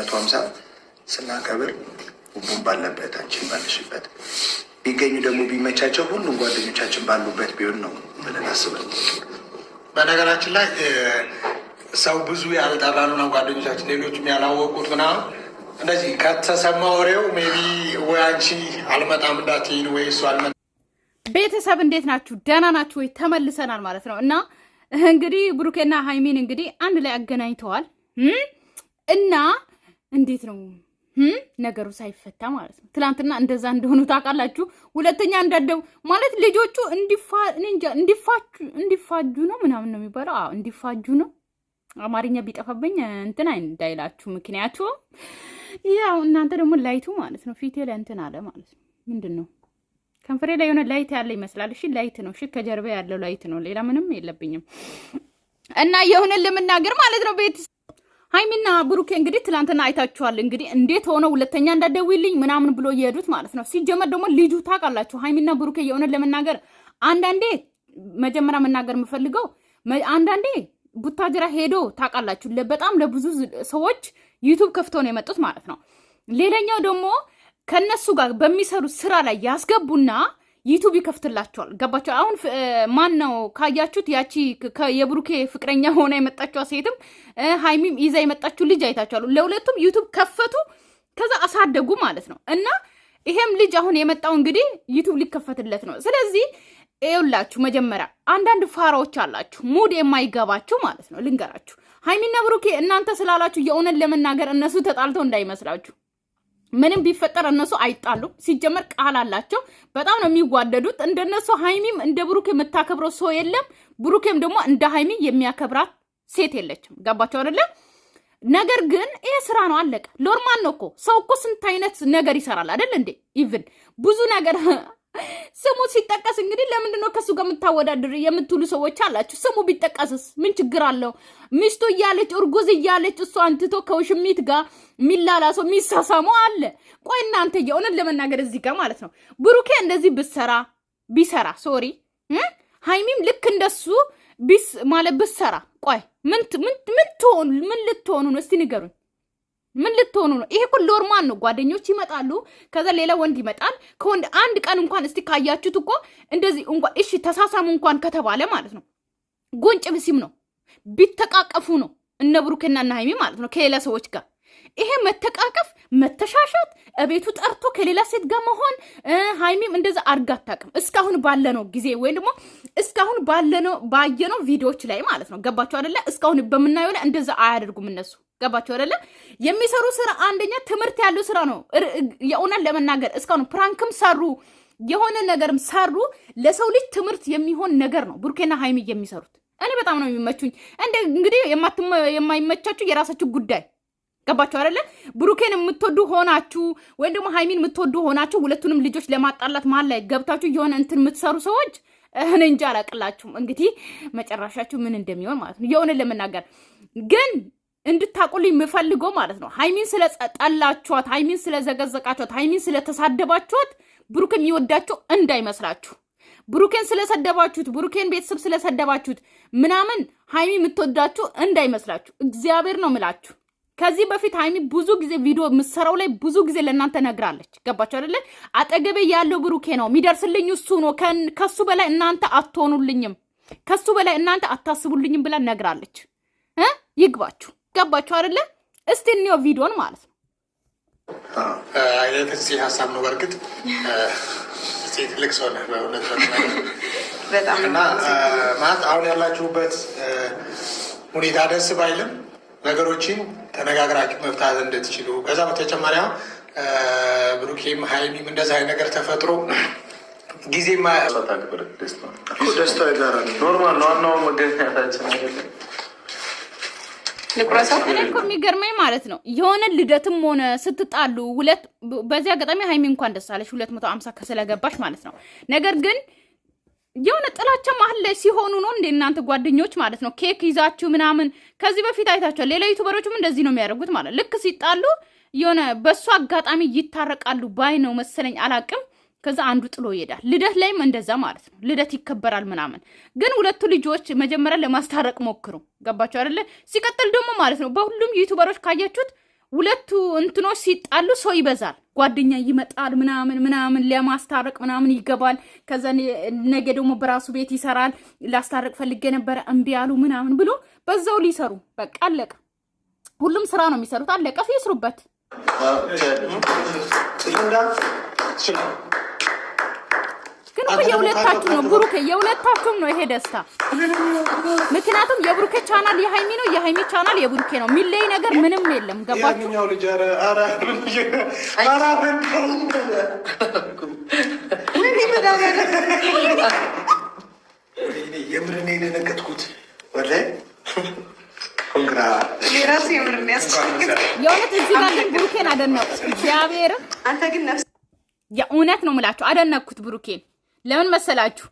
መቶ ሀምሳ ስናከብር ሁሉም ባለበት አንቺን ባለሽበት ቢገኙ ደግሞ ቢመቻቸው ሁሉም ጓደኞቻችን ባሉበት ቢሆን ነው ብለን አስበን። በነገራችን ላይ ሰው ብዙ ያልጠራኑ ነው ጓደኞቻችን፣ ሌሎችም ያላወቁት ምናምን እንደዚህ ከተሰማ ወሬው ሜቢ ወይ አንቺ አልመጣም እንዳትይን ወይ እሱ አልመ ቤተሰብ እንዴት ናችሁ? ደህና ናችሁ ወይ? ተመልሰናል ማለት ነው እና እንግዲህ ብሩኬና ሀይሚን እንግዲህ አንድ ላይ አገናኝተዋል እና እንዴት ነው ነገሩ ሳይፈታ ማለት ነው። ትላንትና እንደዛ እንደሆኑ ታውቃላችሁ። ሁለተኛ እንዳደው ማለት ልጆቹ እንዲፋጁ ነው ምናምን ነው የሚባለው። እንዲፋጁ ነው። አማርኛ ቢጠፋብኝ እንትን እንዳይላችሁ። ምክንያቱም ያው እናንተ ደግሞ ላይቱ ማለት ነው ፊቴ ላይ እንትን አለ ማለት ነው። ምንድን ነው ከንፈሬ ላይ የሆነ ላይት ያለ ይመስላል። እሺ ላይት ነው። ከጀርባ ያለው ላይት ነው። ሌላ ምንም የለብኝም እና የሆነ ለመናገር ማለት ነው ቤት ሀይሚና ብሩኬ እንግዲህ ትላንትና አይታችኋል። እንግዲህ እንዴት ሆነው ሁለተኛ እንዳትደውይልኝ ምናምን ብሎ እየሄዱት ማለት ነው። ሲጀመር ደግሞ ልጁ ታውቃላችሁ፣ ሀይሚና ብሩኬ የእውነት ለመናገር አንዳንዴ መጀመሪያ መናገር የምፈልገው አንዳንዴ ቡታጅራ ሄዶ ታውቃላችሁ፣ በጣም ለብዙ ሰዎች ዩቱብ ከፍቶ ነው የመጡት ማለት ነው። ሌላኛው ደግሞ ከነሱ ጋር በሚሰሩት ስራ ላይ ያስገቡና ዩቱብ ይከፍትላቸዋል። ገባቸው። አሁን ማን ነው ካያችሁት፣ ያቺ የብሩኬ ፍቅረኛ ሆና የመጣችዋ ሴትም ሀይሚም ይዛ የመጣችው ልጅ አይታችኋል። ለሁለቱም ዩቱብ ከፈቱ፣ ከዛ አሳደጉ ማለት ነው። እና ይሄም ልጅ አሁን የመጣው እንግዲህ ዩቱብ ሊከፈትለት ነው። ስለዚህ ይኸውላችሁ መጀመሪያ አንዳንድ ፋራዎች አላችሁ፣ ሙድ የማይገባችሁ ማለት ነው። ልንገራችሁ፣ ሀይሚና ብሩኬ እናንተ ስላላችሁ የእውነት ለመናገር እነሱ ተጣልተው እንዳይመስላችሁ ምንም ቢፈጠር እነሱ አይጣሉም። ሲጀመር ቃል አላቸው። በጣም ነው የሚዋደዱት። እንደነሱ ሀይሚም እንደ ብሩክ የምታከብረው ሰው የለም። ብሩኬም ደግሞ እንደ ሀይሚ የሚያከብራት ሴት የለችም። ገባቸው አይደለም? ነገር ግን ይሄ ስራ ነው፣ አለቀ። ኖርማል ነው እኮ ሰው እኮ ስንት አይነት ነገር ይሰራል አይደል እንዴ? ኢቭን ብዙ ነገር ስሙ ሲጠቀስ እንግዲህ ለምንድን ነው ከሱ ጋር የምታወዳድር የምትሉ ሰዎች አላችሁ። ስሙ ቢጠቀስስ ምን ችግር አለው? ሚስቱ እያለች እርጉዝ እያለች እሱ አንትቶ ከውሽሚት ጋር ሰው የሚሳሳሙ አለ። ቆይ እናንተ እውነት ለመናገር እዚህ ጋር ማለት ነው ብሩኬ እንደዚህ ብሰራ ቢሰራ ሶሪ ሀይሚም ልክ እንደሱ ቢስ ማለት ብሰራ ቆይ ምን ትሆኑ ምን ልትሆኑ ነው? እስቲ ንገሩኝ። ምን ልትሆኑ ነው? ይሄ እኮ ኖርማል ነው። ጓደኞች ይመጣሉ፣ ከዛ ሌላ ወንድ ይመጣል። ከወንድ አንድ ቀን እንኳን እስቲ ካያችሁት እኮ እንደዚህ እንኳን እሺ ተሳሳሙ እንኳን ከተባለ ማለት ነው ጎንጭ ብሲም ነው ቢተቃቀፉ ነው እነ ብሩክና እነ ሀይሚ ማለት ነው ከሌላ ሰዎች ጋር ይሄ መተቃቀፍ መተሻሻት እቤቱ ጠርቶ ከሌላ ሴት ጋር መሆን ሀይሚም እንደዛ አድርጋ አታውቅም። እስካሁን ባለነው ጊዜ ወይም ደግሞ እስካሁን ባለነው ባየነው ቪዲዮዎች ላይ ማለት ነው ገባቸው አደለ? እስካሁን በምናየው ላይ እንደዛ አያደርጉም እነሱ ገባችሁ አይደለ? የሚሰሩ ስራ አንደኛ ትምህርት ያለው ስራ ነው። የእውነት ለመናገር እስካሁን ፕራንክም ሰሩ የሆነ ነገርም ሰሩ፣ ለሰው ልጅ ትምህርት የሚሆን ነገር ነው ብሩኬና ሀይሚ የሚሰሩት። እኔ በጣም ነው የሚመቹኝ። እንደ እንግዲህ የማይመቻችሁ የራሳችሁ ጉዳይ ገባቸው አይደለ? ብሩኬን የምትወዱ ሆናችሁ ወይም ደግሞ ሀይሚን የምትወዱ ሆናችሁ ሁለቱንም ልጆች ለማጣላት መሀል ላይ ገብታችሁ የሆነ እንትን የምትሰሩ ሰዎች እኔ እንጃ አላቅላችሁም። እንግዲህ መጨረሻችሁ ምን እንደሚሆን ማለት ነው የሆነ ለመናገር ግን እንድታቁልኝ የምፈልገው ማለት ነው። ሀይሚን ስለጠላችኋት፣ ሀይሚን ስለዘገዘቃችኋት፣ ሀይሚን ስለተሳደባችኋት ብሩክ የሚወዳችሁ እንዳይመስላችሁ። ብሩኬን ስለሰደባችሁት፣ ብሩኬን ቤተሰብ ስለሰደባችሁት ምናምን ሀይሚ የምትወዳችሁ እንዳይመስላችሁ። እግዚአብሔር ነው ምላችሁ። ከዚህ በፊት ሀይሚ ብዙ ጊዜ ቪዲዮ የምትሰራው ላይ ብዙ ጊዜ ለእናንተ ነግራለች። ገባችሁ አይደለ? አጠገቤ ያለው ብሩኬ ነው የሚደርስልኝ፣ እሱ ነው። ከሱ በላይ እናንተ አትሆኑልኝም፣ ከሱ በላይ እናንተ አታስቡልኝም ብላ ነግራለች። ይግባችሁ። ገባችሁ አይደለ? እስቲ እንየው ቪዲዮን ማለት ነው። አይነት እዚህ ሀሳብ ነው። በእርግጥ እዚህ ትልቅ ሰው ነህ በእውነት እና ማለት አሁን ያላችሁበት ሁኔታ ደስ ባይልም ነገሮችን ተነጋግራችሁ መፍታት እንድትችሉ ከዛ በተጨማሪ ብሩኬም ሀይሚም እንደዚህ አይነት ነገር ተፈጥሮ ጊዜ ማያ ደስታ ኖርማል ነው ዋናው መገኛታችን የሚገርመኝ ማለት ነው የሆነ ልደትም ሆነ ስትጣሉ ሁለት በዚህ አጋጣሚ ሀይሚ እንኳን ደስ አለሽ ሁለት መቶ አምሳ ከስለገባሽ ማለት ነው። ነገር ግን የሆነ ጥላቻ መሀል ላይ ሲሆኑ ነው እንደ እናንተ ጓደኞች ማለት ነው ኬክ ይዛችሁ ምናምን ከዚህ በፊት አይታችኋል። ሌላ ዩቱበሮችም እንደዚህ ነው የሚያደርጉት ማለት ልክ ሲጣሉ የሆነ በእሱ አጋጣሚ ይታረቃሉ ባይ ነው መሰለኝ አላቅም ከዛ አንዱ ጥሎ ይሄዳል። ልደት ላይም እንደዛ ማለት ነው። ልደት ይከበራል ምናምን፣ ግን ሁለቱ ልጆች መጀመሪያ ለማስታረቅ ሞክሩ። ገባችሁ አይደለ? ሲቀጥል ደግሞ ማለት ነው በሁሉም ዩቱበሮች ካያችሁት ሁለቱ እንትኖች ሲጣሉ ሰው ይበዛል፣ ጓደኛ ይመጣል ምናምን ምናምን ለማስታረቅ ምናምን ይገባል። ከዛ ነገ ደግሞ በራሱ ቤት ይሰራል። ላስታረቅ ፈልጌ ነበረ እምቢ አሉ ምናምን ብሎ በዛው ሊሰሩ በቃ አለቀ። ሁሉም ስራ ነው የሚሰሩት። አለቀ፣ ይስሩበት። ግን እኮ የሁለታችሁ ነው ብሩኬ፣ የሁለታችሁም ነው ይሄ ደስታ። ምክንያቱም የብሩኬ ቻናል የሃይሚ ነው፣ የሃይሚ ቻናል የብሩኬ ነው። የሚለይ ነገር ምንም የለም። ገባችሁ? የምርን ብሩኬን አደነቁ እግዚአብሔርን አንተ ግን የእውነት ነው የምላችሁ፣ አደነኩት ብሩኬን። ለምን መሰላችሁ?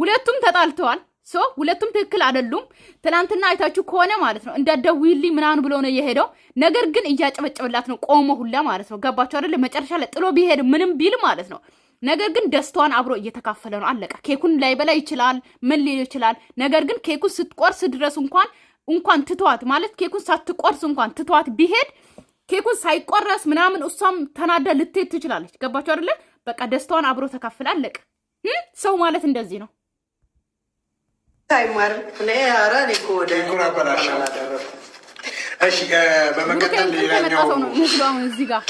ሁለቱም ተጣልተዋል። ሶ ሁለቱም ትክክል አይደሉም። ትናንትና አይታችሁ ከሆነ ማለት ነው እንዳትደውይልኝ ምናምን ብሎ ነው የሄደው። ነገር ግን እያጨበጨበላት ነው ቆሞ ሁላ ማለት ነው። ገባችሁ አይደለ? መጨረሻ ላይ ጥሎ ቢሄድ ምንም ቢል ማለት ነው። ነገር ግን ደስታዋን አብሮ እየተካፈለ ነው። አለቀ። ኬኩን ላይበላ ይችላል፣ ምን ሊል ይችላል። ነገር ግን ኬኩን ስትቆርስ ድረስ እንኳን እንኳን ትቷት ማለት ኬኩን ሳትቆርስ እንኳን ትቷት ቢሄድ ኬኩን ሳይቆረስ ምናምን እሷም ተናዳ ልትሄድ ትችላለች። ገባችሁ አይደለ? በቃ ደስታዋን አብሮ ተካፍላ አለቀ። ሰው ማለት እንደዚህ ነው።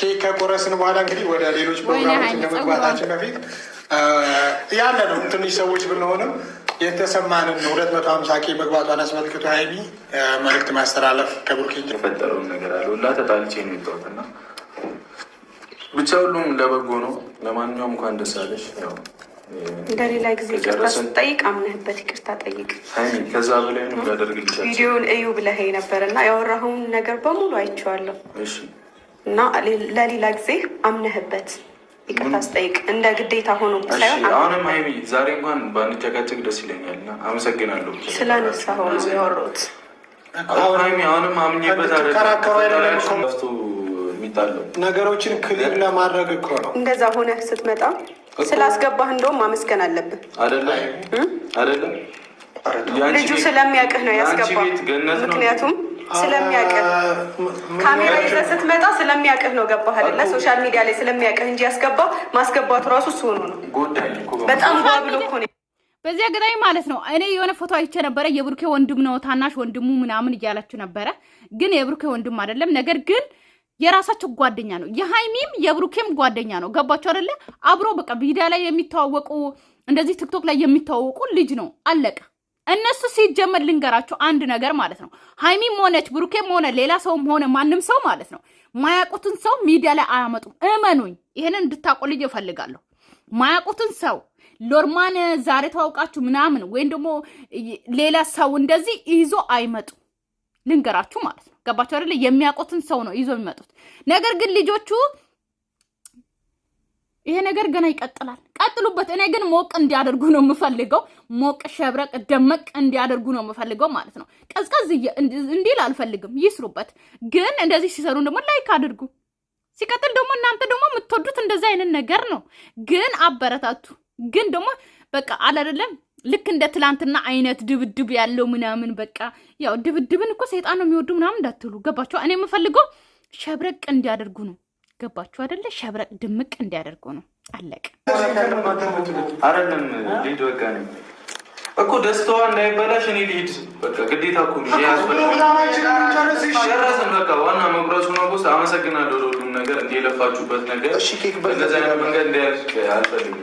ኬክ ከቆረስን በኋላ እንግዲህ ወደ ሌሎች ፕሮግራሞች እንደመግባታችን በፊት ያለ ነው ትንሽ ሰዎች ብንሆንም የተሰማንን ሁለት መቶ ሀምሳ ኬ መግባቷን አስመልክቶ ሀይሚ መልዕክት ማስተላለፍ ከብሩኬ የፈጠረውን ነገር አለው እና ተጣልቼ ነው እና ብቻ ሁሉም ለበጎ ነው። ለማንኛውም እንኳን ደስ አለሽ ያው እንደሌላ ጊዜ ይቅርታ ስጠይቅ አምነህበት ይቅርታ ጠይቅ። ከዛ በላይ ያደርግልሻል። ቪዲዮውን እዩ ብለህ ነበር እና ያወራኸውን ነገር በሙሉ አይቼዋለሁ እና ለሌላ ጊዜ አምነህበት ይቅርታ ስጠይቅ እንደ ግዴታ ሆኖ ሳይሆን፣ አሁንም ሀይሚ ዛሬ እንኳን ባንጨቃጨቅ ደስ ይለኛል እና አመሰግናለሁ ስለነሳኸው ነው ያወራሁት። ሀይሚ አሁንም አምኜበት የሚጣለው ነገሮችን ክሊር ለማድረግ እኮ ነው እንደዛ ሆነ ስትመጣ ስላስገባህ እንደውም ማመስገን አለብህ። አይደለም ልጁ ስለሚያውቅህ ነው ያስገባህ። ምክንያቱም ስለሚያውቅህ ካሜራ ይዘህ ስትመጣ ስለሚያውቅህ ነው ገባህ አይደለ? ሶሻል ሚዲያ ላይ ስለሚያውቅህ እንጂ ያስገባህ ማስገባቱ ራሱ እሱ ሆኖ ነው። በጣም ጓብሎ እኮ ነው። በዚህ አጋጣሚ ማለት ነው እኔ የሆነ ፎቶ አይቼ ነበረ። የብሩኬ ወንድም ነው ታናሽ ወንድሙ ምናምን እያላችሁ ነበረ፣ ግን የብሩኬ ወንድም አይደለም ነገር ግን የራሳቸው ጓደኛ ነው። የሀይሚም የብሩኬም ጓደኛ ነው። ገባቸው አደለ አብሮ በቃ ቪዲያ ላይ የሚተዋወቁ እንደዚህ ቲክቶክ ላይ የሚተዋወቁ ልጅ ነው። አለቀ። እነሱ ሲጀመር ልንገራቸው አንድ ነገር ማለት ነው። ሀይሚም ሆነች ብሩኬም ሆነ ሌላ ሰውም ሆነ ማንም ሰው ማለት ነው ማያውቁትን ሰው ሚዲያ ላይ አያመጡም። እመኑኝ፣ እንድታቆ ልጅ እፈልጋለሁ። ማያውቁትን ሰው ሎርማን ዛሬ ተዋውቃችሁ ምናምን ወይም ደግሞ ሌላ ሰው እንደዚህ ይዞ አይመጡ ልንገራችሁ ማለት ነው። ገባችሁ አይደለ? የሚያውቁትን ሰው ነው ይዞ የሚመጡት። ነገር ግን ልጆቹ ይሄ ነገር ገና ይቀጥላል፣ ቀጥሉበት። እኔ ግን ሞቅ እንዲያደርጉ ነው የምፈልገው። ሞቅ ሸብረቅ ደመቅ እንዲያደርጉ ነው የምፈልገው ማለት ነው። ቀዝቀዝ እንዲል አልፈልግም። ይስሩበት። ግን እንደዚህ ሲሰሩ ደግሞ ላይክ አድርጉ። ሲቀጥል ደግሞ እናንተ ደግሞ የምትወዱት እንደዚህ አይነት ነገር ነው። ግን አበረታቱ። ግን ደግሞ በቃ አላደለም ልክ እንደ ትላንትና አይነት ድብድብ ያለው ምናምን በቃ ያው ድብድብን እኮ ሰይጣን ነው የሚወዱ ምናምን እንዳትሉ ገባችሁ። እኔ የምፈልገው ሸብረቅ እንዲያደርጉ ነው። ገባችሁ አደለ? ሸብረቅ ድምቅ እንዲያደርጉ ነው። አለቅ እኮ ደስታዋ እንዳይበላሽ እኔ ልሂድ በቃ ግዴታ እኮ ጨረስን። በቃ ዋና መቁረሱ ነው። ቦስ አመሰግናለሁ ለሁሉም ነገር እንዲ የለፋችሁበት ነገር እንደዚ አይነት መንገድ እንዲያልፍ አልፈልግም።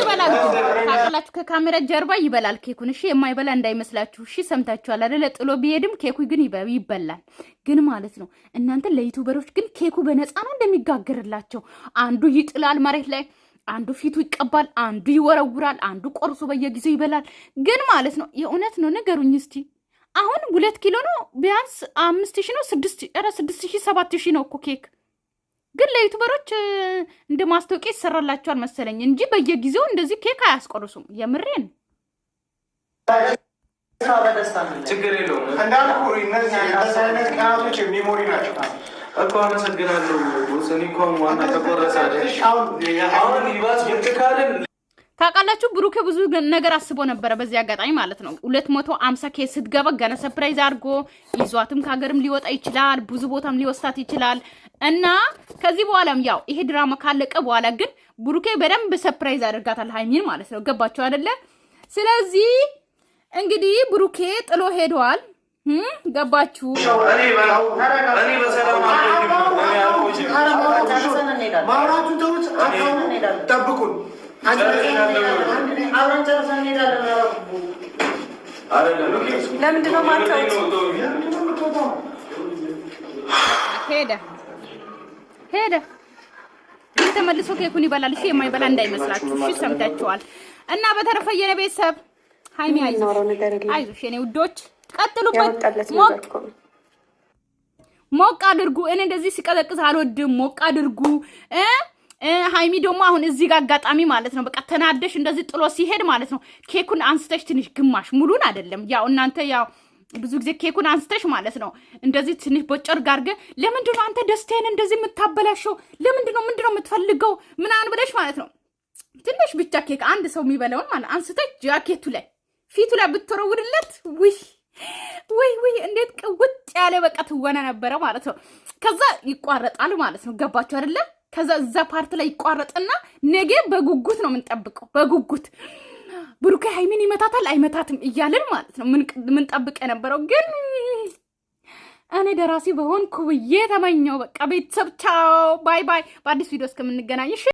ይበላል። ከካሜራ ጀርባ ይበላል ኬኩን። እሺ የማይበላ እንዳይመስላችሁ። እሺ ሰምታችኋል አይደለ? ጥሎ ቢሄድም ኬኩ ግን ይበላል። ግን ማለት ነው እናንተ ለዩቱበሮች ግን ኬኩ በነፃ ነው እንደሚጋገርላቸው አንዱ ይጥላል መሬት ላይ አንዱ ፊቱ ይቀባል፣ አንዱ ይወረውራል፣ አንዱ ቆርሶ በየጊዜው ይበላል። ግን ማለት ነው የእውነት ነው ነገሩኝ እስቲ አሁን ሁለት ኪሎ ነው ቢያንስ አምስት ሺ ነው ስድስት ስድስት ሺ ሰባት ሺ ነው እኮ ኬክ። ግን ለዩቱበሮች እንደ ማስታወቂያ ይሰራላቸዋል መሰለኝ እንጂ በየጊዜው እንደዚህ ኬክ አያስቆርሱም። የምሬን ችግር የለውም እንዳልኩ እነዚህ ቀናቶች የሚሞሪ ናቸው። እኮ ታውቃላችሁ ብሩኬ ብዙ ነገር አስቦ ነበረ። በዚህ አጋጣሚ ማለት ነው ሁለት መቶ አምሳ ኬ ስትገባ ገና ሰፕራይዝ አድርጎ ይዟትም ከሀገርም ሊወጣ ይችላል፣ ብዙ ቦታም ሊወስታት ይችላል እና ከዚህ በኋላም ያው ይሄ ድራማ ካለቀ በኋላ ግን ብሩኬ በደንብ ሰፕራይዝ አድርጋታል ሀይሚን ማለት ነው። ገባቸው አይደለ? ስለዚህ እንግዲህ ብሩኬ ጥሎ ሄደዋል። ገባችሁ? ማውራቱን ተውት። ሄደ ሄደ። ተመልሶ ኬኩን ይበላል። እሺ፣ የማይበላ እንዳይመስላችሁ። እሺ፣ ሰምታችኋል። እና በተረፈ የኔ ቤተሰብ ሀይሚ አይዞሽ፣ አይዞሽ የኔ ውዶች ቀጥሉበት፣ ሞቅ አድርጉ። እኔ እንደዚህ ሲቀዘቅዝ አልወድም። ሞቅ አድርጉ። ሀይሚ ደግሞ አሁን እዚህ ጋር አጋጣሚ ማለት ነው፣ በቃ ተናደሽ እንደዚህ ጥሎ ሲሄድ ማለት ነው። ኬኩን አንስተሽ ትንሽ ግማሽ ሙሉን አይደለም፣ ያው እናንተ ያው ብዙ ጊዜ ኬኩን አንስተሽ ማለት ነው እንደዚህ ትንሽ በጨር ጋር ግን ለምንድን ነው አንተ ደስታዬን እንደዚህ የምታበላሸው? ለምንድን ነው ምንድን ነው የምትፈልገው? ምናምን ብለሽ ማለት ነው ትንሽ ብቻ ኬክ አንድ ሰው የሚበላውን ማለት አንስተሽ ጃኬቱ ላይ ፊቱ ላይ ብትወረውድለት ውይ ወይ ወይ እንዴት ቅውጥ ያለ በቃ ትወና ነበረ ማለት ነው። ከዛ ይቋረጣል ማለት ነው። ገባችሁ አይደለ? ከዛ እዛ ፓርት ላይ ይቋረጥና ነገ በጉጉት ነው የምንጠብቀው። በጉጉት ብሩኬ ሃይሚን ይመታታል አይመታትም እያልን ማለት ነው ምንጠብቅ የነበረው ግን እኔ ደራሲ በሆንኩ ብዬ ተመኘው። በቃ ቤተሰብ ቻው፣ ባይ ባይ። በአዲስ ቪዲዮ እስከምንገናኝ